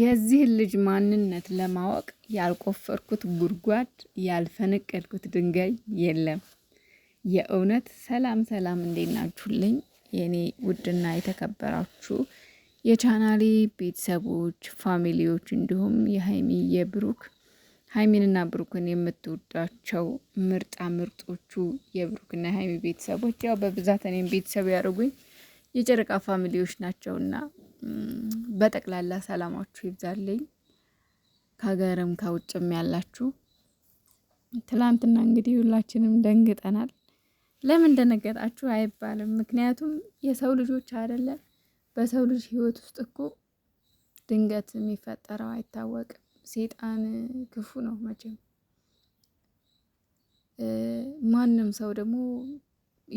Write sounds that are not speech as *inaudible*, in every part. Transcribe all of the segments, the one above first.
የዚህ ልጅ ማንነት ለማወቅ ያልቆፈርኩት ጉድጓድ ያልፈነቀልኩት ድንጋይ የለም። የእውነት ሰላም ሰላም፣ እንዴት ናችሁልኝ? የእኔ ውድና የተከበራችሁ የቻናሌ ቤተሰቦች፣ ፋሚሊዎች እንዲሁም የሀይሚ የብሩክ ሀይሚንና ብሩክን የምትወዳቸው ምርጣ ምርጦቹ የብሩክና የሀይሚ ቤተሰቦች ያው በብዛት እኔም ቤተሰብ ያደርጉኝ የጨረቃ ፋሚሊዎች ናቸውና በጠቅላላ ሰላማችሁ ይብዛልኝ። ከሀገርም ከውጭም ያላችሁ ትላንትና እንግዲህ ሁላችንም ደንግጠናል። ለምን ደነገጣችሁ አይባልም። ምክንያቱም የሰው ልጆች አይደለም በሰው ልጅ ህይወት ውስጥ እኮ ድንገት የሚፈጠረው አይታወቅም። ሴጣን ክፉ ነው መቼም። ማንም ሰው ደግሞ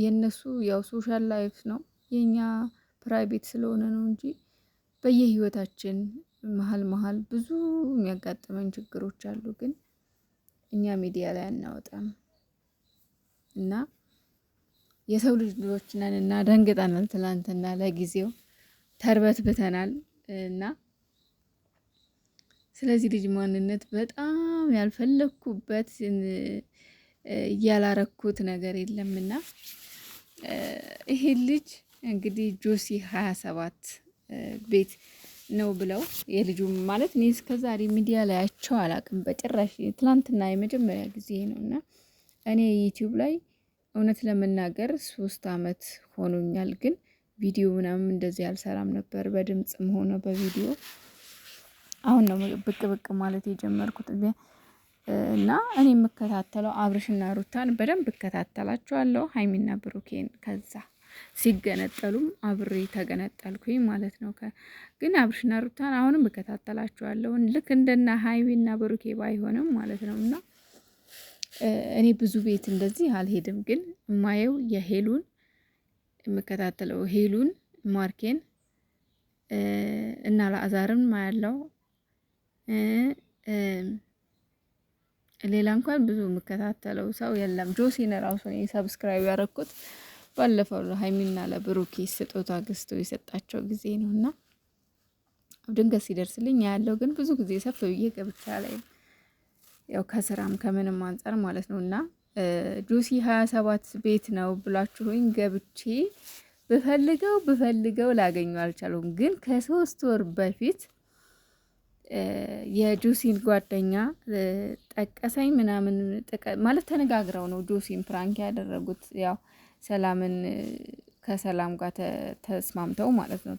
የእነሱ ያው ሶሻል ላይፍ ነው የእኛ ፕራይቬት ስለሆነ ነው እንጂ በየህይወታችን መሀል መሀል ብዙ የሚያጋጥመን ችግሮች አሉ፣ ግን እኛ ሚዲያ ላይ አናወጣም እና የሰው ልጆች ነን እና ደንግጠናል። ትላንትና ለጊዜው ብተናል እና ስለዚህ ልጅ ማንነት በጣም ያልፈለግኩበት ያላረኩት ነገር የለምና ይሄ ልጅ እንግዲህ ጆሲ ሀያ ሰባት ቤት ነው ብለው የልጁም ማለት እኔ እስከዛሬ ሚዲያ ላይ አይቼው አላቅም በጭራሽ። ትናንትና የመጀመሪያ ጊዜ ነው እና እኔ ዩቲዩብ ላይ እውነት ለመናገር ሶስት አመት ሆኖኛል፣ ግን ቪዲዮ ምናምን እንደዚህ አልሰራም ነበር በድምፅም ሆነ በቪዲዮ። አሁን ነው ብቅ ብቅ ማለት የጀመርኩት እና እኔ የምከታተለው አብርሽና ሩታን በደንብ እከታተላቸዋለሁ፣ ሀይሚና ብሩኬን ከዛ ሲገነጠሉም አብሬ ተገነጠልኩኝ ማለት ነው። ግን አብርሽና ሩታን አሁንም እከታተላቸዋለሁን ልክ እንደነ ሀይሚና ብሩኬ ባይሆንም ማለት ነው። እና እኔ ብዙ ቤት እንደዚህ አልሄድም፣ ግን የማየው የሄሉን የምከታተለው ሄሉን ማርኬን እና ለአዛርን ማያለው ሌላ እንኳን ብዙ የምከታተለው ሰው የለም። ጆሲን ራሱ ሰብስክራይብ ያደረኩት ባለፈው ለሀይሚና ለብሩኬ ስጦታ ገዝቶ የሰጣቸው ጊዜ ነው እና ድንገት ሲደርስልኝ ያለው ግን ብዙ ጊዜ ሰፍ ብዬ ገብቻ ላይ ያው ከስራም ከምንም አንጻር ማለት ነው እና ጁሲ ሀያ ሰባት ቤት ነው ብላችሁኝ ገብቼ ብፈልገው ብፈልገው ላገኙ አልቻለሁም። ግን ከሶስት ወር በፊት የጁሲን ጓደኛ ጠቀሰኝ ምናምን ማለት ተነጋግረው ነው ጁሲን ፕራንክ ያደረጉት ያው ሰላምን ከሰላም ጋር ተስማምተው ማለት ነው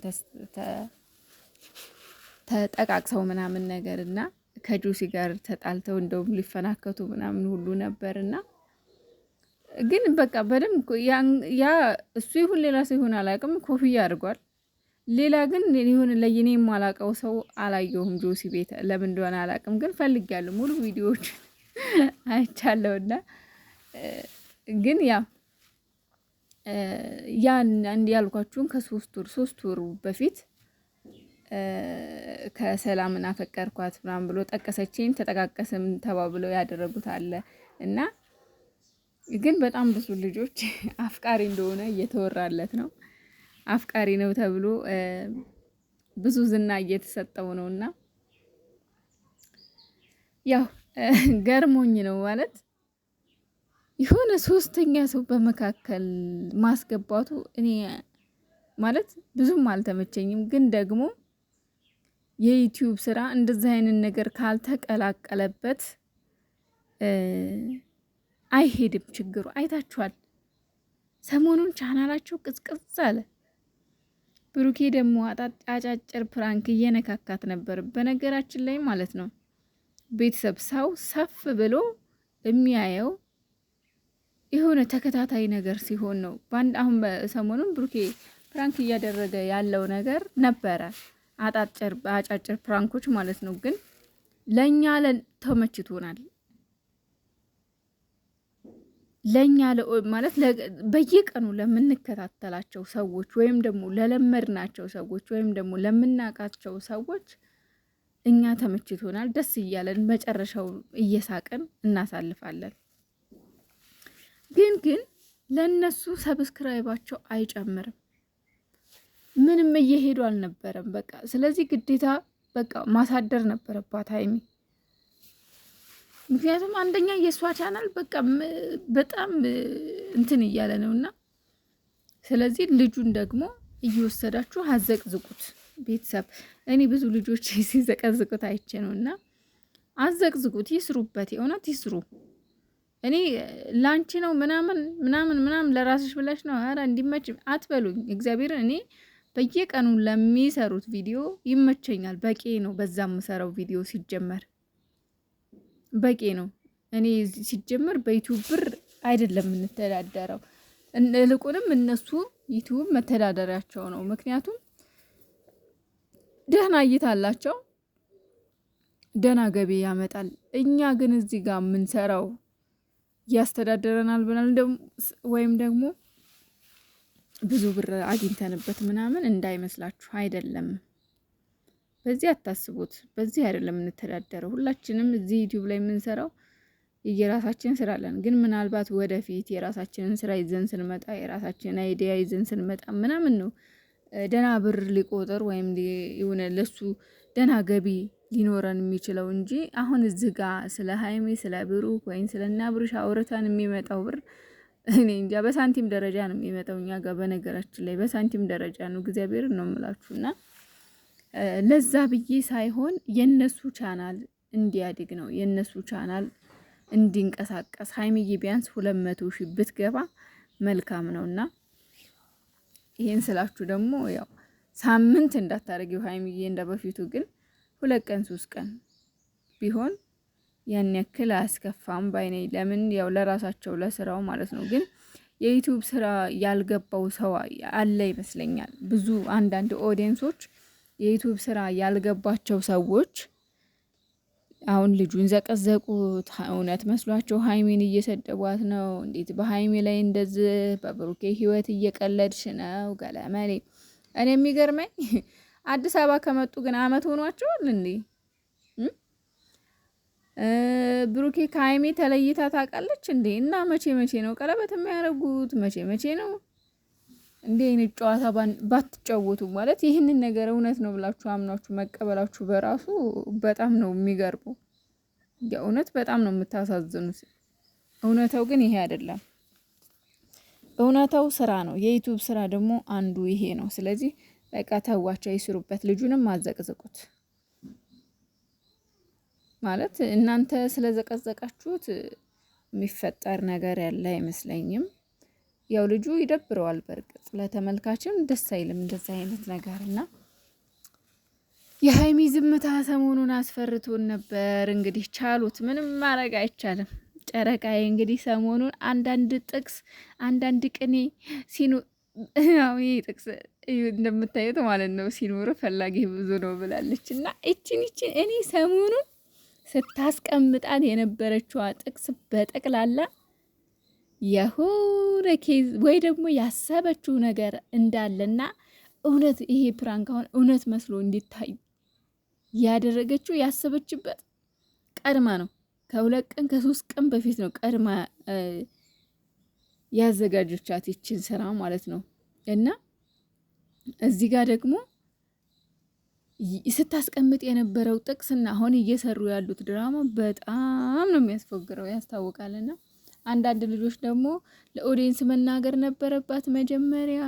ተጠቃቅሰው ምናምን ነገር እና ከጆሲ ጋር ተጣልተው እንደውም ሊፈናከቱ ምናምን ሁሉ ነበር እና ግን በቃ በደንብ ያ እሱ ይሁን ሌላ ሰው ይሁን አላውቅም፣ ኮፍያ አድርጓል። ሌላ ግን የሆነ ለይኔ የማላውቀው ሰው አላየሁም ጆሲ ቤት ለምን እንደሆነ አላውቅም፣ ግን ፈልጌያለሁ ሙሉ ቪዲዮዎችን *laughs* አይቻለሁና ግን ያው ያን አንድ ያልኳችሁን ከሶስት ወር ሶስት ወር በፊት ከሰላምን አፈቀርኳት ምናምን ብሎ ጠቀሰችኝ ተጠቃቀስም ተባብለው ያደረጉት አለ እና ግን በጣም ብዙ ልጆች *laughs* አፍቃሪ እንደሆነ እየተወራለት ነው። አፍቃሪ ነው ተብሎ ብዙ ዝና እየተሰጠው ነው እና ያው ገርሞኝ ነው ማለት የሆነ ሶስተኛ ሰው በመካከል ማስገባቱ እኔ ማለት ብዙም አልተመቸኝም። ግን ደግሞ የዩቲዩብ ስራ እንደዚህ አይነት ነገር ካልተቀላቀለበት አይሄድም። ችግሩ አይታችኋል። ሰሞኑን ቻናላቸው ቅዝቅዝ አለ። ብሩኬ ደግሞ አጫጭር ፕራንክ እየነካካት ነበር። በነገራችን ላይ ማለት ነው ቤተሰብ ሰው ሰፍ ብሎ የሚያየው የሆነ ተከታታይ ነገር ሲሆን ነው። በአንድ አሁን ሰሞኑን ብሩኬ ፕራንክ እያደረገ ያለው ነገር ነበረ፣ አጫጭር ፕራንኮች ማለት ነው። ግን ለእኛ ተመችቶናል። ለእኛ ማለት በየቀኑ ለምንከታተላቸው ሰዎች ወይም ደግሞ ለለመድናቸው ሰዎች ወይም ደግሞ ለምናቃቸው ሰዎች እኛ ተመችቶናል። ደስ እያለን መጨረሻው እየሳቅን እናሳልፋለን። ግን ግን ለእነሱ ሰብስክራይባቸው አይጨምርም። ምንም እየሄዱ አልነበረም። በቃ ስለዚህ ግዴታ በቃ ማሳደር ነበረባት ሀይሚ። ምክንያቱም አንደኛ የእሷ ቻናል በቃ በጣም እንትን እያለ ነው እና ስለዚህ ልጁን ደግሞ እየወሰዳችሁ አዘቅዝቁት። ቤተሰብ እኔ ብዙ ልጆች *laughs* ሲዘቀዝቁት አይቼ ነው እና አዘቅዝቁት፣ ይስሩበት፣ የእውነት ይስሩ። እኔ ላንቺ ነው ምናምን ምናምን ምናምን ለራስሽ ብለሽ ነው። ኧረ እንዲመች አትበሉኝ። እግዚአብሔርን እኔ በየቀኑ ለሚሰሩት ቪዲዮ ይመቸኛል። በቂ ነው። በዛ የምሰራው ቪዲዮ ሲጀመር በቂ ነው። እኔ ሲጀመር በዩቲዩብ ብር አይደለም የምንተዳደረው። ይልቁንም እነሱ ዩቱብ መተዳደሪያቸው ነው። ምክንያቱም ደህና እይታ አላቸው፣ ደህና ገቢ ያመጣል። እኛ ግን እዚህ ጋር የምንሰራው ያስተዳደረናል ብናል ወይም ደግሞ ብዙ ብር አግኝተንበት ምናምን እንዳይመስላችሁ አይደለም። በዚህ አታስቡት። በዚህ አይደለም የምንተዳደረው። ሁላችንም እዚህ ዩቲዩብ ላይ የምንሰራው የራሳችን ስራ አለን። ግን ምናልባት ወደፊት የራሳችንን ስራ ይዘን ስንመጣ የራሳችንን አይዲያ ይዘን ስንመጣ ምናምን ነው ደና ብር ሊቆጥር ወይም የሆነ ለሱ ደና ገቢ ሊኖረን የሚችለው እንጂ አሁን እዚህ ጋ ስለ ሀይሜ ስለ ብሩክ ወይም ስለ እና ብሩሽ አውርተን የሚመጣው ብር እኔ እንጃ በሳንቲም ደረጃ ነው የሚመጣው እኛ ጋር። በነገራችን ላይ በሳንቲም ደረጃ ነው፣ እግዚአብሔር ነው እና ለዛ ብዬ ሳይሆን የነሱ ቻናል እንዲያድግ ነው የነሱ ቻናል እንዲንቀሳቀስ ሀይሚዬ ቢያንስ ሁለት መቶ ሺ ብትገባ መልካም ነውና ይህን ስላችሁ ደግሞ ያው ሳምንት እንዳታረጊው ሀይሚዬ እንደ በፊቱ ግን ሁለት ቀን ሶስት ቀን ቢሆን ያን ያክል አያስከፋም ባይነኝ። ለምን ያው ለራሳቸው ለስራው ማለት ነው። ግን የዩቱብ ስራ ያልገባው ሰው አለ ይመስለኛል። ብዙ አንዳንድ ኦዲየንሶች የዩቱብ ስራ ያልገባቸው ሰዎች አሁን ልጁን ዘቀዘቁት። እውነት መስሏቸው ሀይሜን እየሰደቧት ነው። እንዴት በሀይሜ ላይ እንደዚህ በብሩኬ ህይወት እየቀለድሽ ነው ገለመሌ። እኔ የሚገርመኝ አዲስ አበባ ከመጡ ግን አመት ሆኗቸዋል እንዴ? ብሩኬ ከሀይሜ ተለይታ ታውቃለች እንዴ? እና መቼ መቼ ነው ቀለበት የሚያደርጉት? መቼ መቼ ነው እንዴ? አይነት ጨዋታ ባትጫወቱ ማለት ይህንን ነገር እውነት ነው ብላችሁ አምናችሁ መቀበላችሁ በራሱ በጣም ነው የሚገርመው። የእውነት በጣም ነው የምታሳዝኑት። እውነታው ግን ይሄ አይደለም። እውነታው ስራ ነው። የዩቲዩብ ስራ ደግሞ አንዱ ይሄ ነው። ስለዚህ በቃ ተዋቸው ይስሩበት፣ ልጁንም አዘቅዝቁት። ማለት እናንተ ስለዘቀዘቃችሁት የሚፈጠር ነገር ያለ አይመስለኝም። ያው ልጁ ይደብረዋል። በእርግጥ ለተመልካችም ደስ አይልም እንደዚህ አይነት ነገር እና የሀይሚ ዝምታ ሰሞኑን አስፈርቶን ነበር። እንግዲህ ቻሉት፣ ምንም ማድረግ አይቻልም። ጨረቃዬ እንግዲህ ሰሞኑን አንዳንድ ጥቅስ አንዳንድ ቅኔ ሲኑ *laughs* ጥቅስ እንደምታዩት ማለት ነው። ሲኖር ፈላጊ ብዙ ነው ብላለች እና እችን እችን እኔ ሰሞኑን ስታስቀምጣት የነበረችዋ ጥቅስ በጠቅላላ የሆነ ኬዝ ወይ ደግሞ ያሰበችው ነገር እንዳለና እውነት ይሄ ፕራንክ አሁን እውነት መስሎ እንዲታይ ያደረገችው ያሰበችበት ቀድማ ነው። ከሁለት ቀን ከሶስት ቀን በፊት ነው ቀድማ ያዘጋጆቻት ይችን ስራ ማለት ነው እና እዚህ ጋር ደግሞ ስታስቀምጥ የነበረው ጥቅስና አሁን እየሰሩ ያሉት ድራማ በጣም ነው የሚያስፎግረው፣ ያስታውቃልና አንዳንድ ልጆች ደግሞ ለኦዲየንስ መናገር ነበረባት መጀመሪያ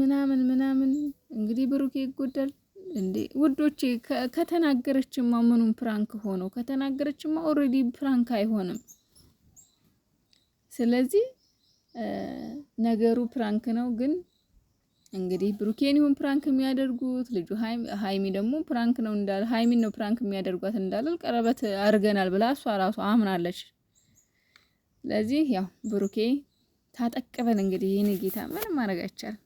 ምናምን ምናምን። እንግዲህ ብሩኬ ይጎዳል እንዴ ውዶቼ? ከተናገረችማ ምኑም ፕራንክ ሆነው ከተናገረችማ ኦልሬዲ ፕራንክ አይሆንም። ስለዚህ ነገሩ ፕራንክ ነው ግን እንግዲህ ብሩኬን ይሁን ፕራንክ የሚያደርጉት ልጁ ሀይሚ ደግሞ ፕራንክ ነው እንዳል ሀይሚን ነው ፕራንክ የሚያደርጓት እንዳለል ቀረበት አድርገናል ብላ እሷ ራሷ አምናለች። ስለዚህ ያው ብሩኬ ታጠቅበን እንግዲህ ይህን ጌታ ምንም ማድረግ አይቻልም።